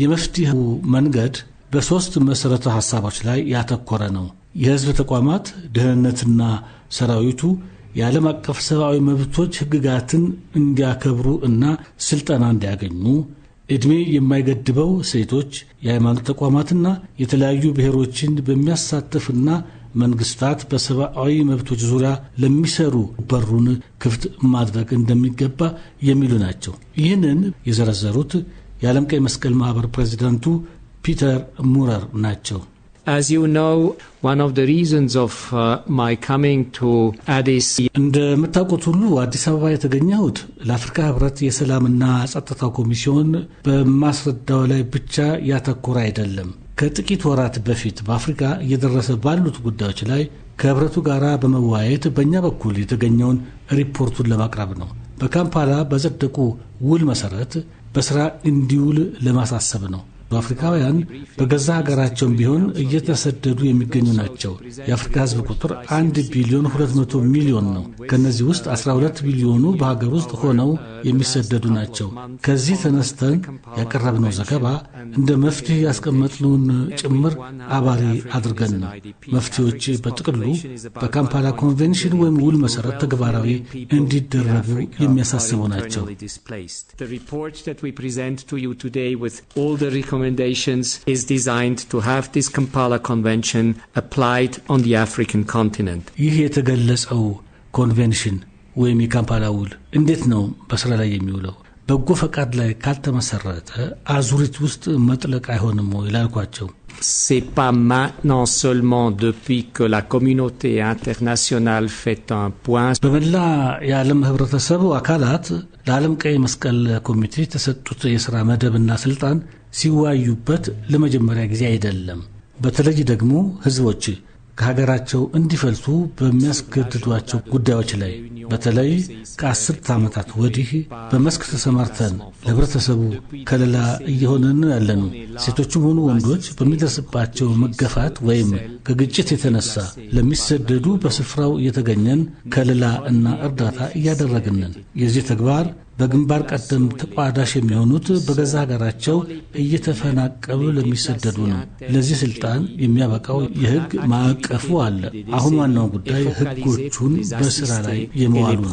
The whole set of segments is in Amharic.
የመፍትሄው መንገድ በሦስት መሠረተ ሐሳቦች ላይ ያተኮረ ነው። የሕዝብ ተቋማት ደህንነትና ሰራዊቱ የዓለም አቀፍ ሰብአዊ መብቶች ሕግጋትን እንዲያከብሩ እና ሥልጠና እንዲያገኙ፣ ዕድሜ የማይገድበው ሴቶች፣ የሃይማኖት ተቋማትና የተለያዩ ብሔሮችን በሚያሳትፍና መንግስታት በሰብአዊ መብቶች ዙሪያ ለሚሰሩ በሩን ክፍት ማድረግ እንደሚገባ የሚሉ ናቸው። ይህንን የዘረዘሩት የዓለም ቀይ መስቀል ማህበር ፕሬዚዳንቱ ፒተር ሙረር ናቸው። እንደምታውቁት ሁሉ አዲስ አበባ የተገኘሁት ለአፍሪካ ህብረት የሰላምና ጸጥታ ኮሚሽን በማስረዳው ላይ ብቻ ያተኮረ አይደለም። ከጥቂት ወራት በፊት በአፍሪካ እየደረሰ ባሉት ጉዳዮች ላይ ከህብረቱ ጋር በመወያየት በእኛ በኩል የተገኘውን ሪፖርቱን ለማቅረብ ነው። በካምፓላ በጸደቁ ውል መሰረት በስራ እንዲውል ለማሳሰብ ነው። አፍሪካውያን በገዛ ሀገራቸውም ቢሆን እየተሰደዱ የሚገኙ ናቸው። የአፍሪካ ሕዝብ ቁጥር 1 ቢሊዮን 200 ሚሊዮን ነው። ከእነዚህ ውስጥ 12 ቢሊዮኑ በሀገር ውስጥ ሆነው የሚሰደዱ ናቸው። ከዚህ ተነስተን ያቀረብነው ዘገባ እንደ መፍትሄ ያስቀመጥነውን ጭምር አባሪ አድርገን ነው። መፍትሄዎች በጥቅሉ በካምፓላ ኮንቬንሽን ወይም ውል መሰረት ተግባራዊ እንዲደረጉ የሚያሳስቡ ናቸው። recommendations is designed to have this Kampala Convention applied on the African continent. ይህ የተገለጸው ኮንቬንሽን ወይም የካምፓላ ውል እንዴት ነው በስራ ላይ የሚውለው? በጎ ፈቃድ ላይ ካልተመሰረተ አዙሪት ውስጥ መጥለቅ አይሆንም ወይ ላልኳቸው c'est pas maintenant seulement depuis que la communauté internationale fait un point. በመላ የዓለም ህብረተሰቡ አካላት ለዓለም ቀይ መስቀል ኮሚቴ የተሰጡት የሥራ መደብና ሥልጣን ሲዋዩበት ለመጀመሪያ ጊዜ አይደለም። በተለይ ደግሞ ህዝቦች ከሀገራቸው እንዲፈልሱ በሚያስገድዷቸው ጉዳዮች ላይ በተለይ ከአስርተ ዓመታት ወዲህ በመስክ ተሰማርተን ለህብረተሰቡ ከሌላ እየሆንን ያለነው ሴቶችም ሆኑ ወንዶች በሚደርስባቸው መገፋት ወይም ከግጭት የተነሳ ለሚሰደዱ በስፍራው እየተገኘን ከልላ እና እርዳታ እያደረግንን የዚህ ተግባር በግንባር ቀደም ተቋዳሽ የሚሆኑት በገዛ ሀገራቸው እየተፈናቀሉ ለሚሰደዱ ነው። ለዚህ ስልጣን የሚያበቃው የህግ ማዕቀፉ አለ። አሁን ዋናው ጉዳይ ህጎቹን በስራ ላይ የመዋሉ ነው።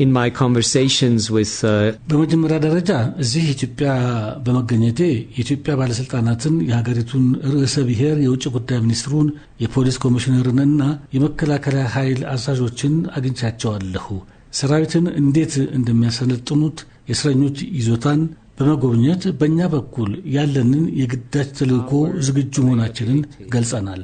Uh, በመጀመሪያ ደረጃ እዚህ ኢትዮጵያ በመገኘቴ የኢትዮጵያ ባለስልጣናትን፣ የሀገሪቱን ርዕሰ ብሔር፣ የውጭ ጉዳይ ሚኒስትሩን፣ የፖሊስ ኮሚሽነርንና የመከላከያ ኃይል አዛዦችን አግኝቻቸዋለሁ። ሰራዊትን እንዴት እንደሚያሰለጥኑት፣ የእስረኞች ይዞታን፣ በመጎብኘት በእኛ በኩል ያለንን የግዳጅ ተልእኮ ዝግጁ መሆናችንን ገልጸናል።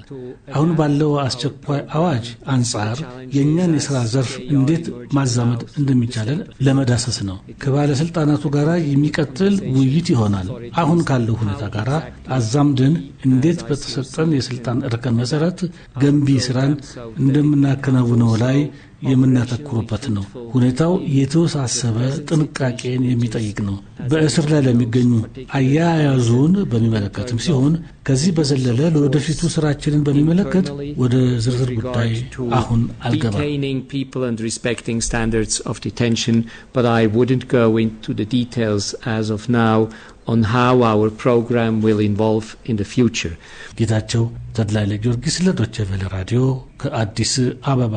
አሁን ባለው አስቸኳይ አዋጅ አንጻር የእኛን የሥራ ዘርፍ እንዴት ማዛመድ እንደሚቻለን ለመዳሰስ ነው። ከባለሥልጣናቱ ጋር የሚቀጥል ውይይት ይሆናል። አሁን ካለው ሁኔታ ጋር አዛምድን እንዴት በተሰጠን የሥልጣን እርከን መሠረት ገንቢ ሥራን እንደምናከናውነው ላይ የምናተኩሩበት ነው። ሁኔታው የተወሳሰበ ጥንቃቄን የሚጠይቅ ነው። በእስር ላይ ለሚገኙ አያያዙን በሚመለከትም ሲሆን ከዚህ በዘለለ ለወደፊቱ ስራችንን በሚመለከት ወደ ዝርዝር ጉዳይ አሁን አልገባም። on how our program will involve in the future. ጌታቸው ተድላ ለጊዮርጊስ ለዶቼ ራዲዮ ከአዲስ አበባ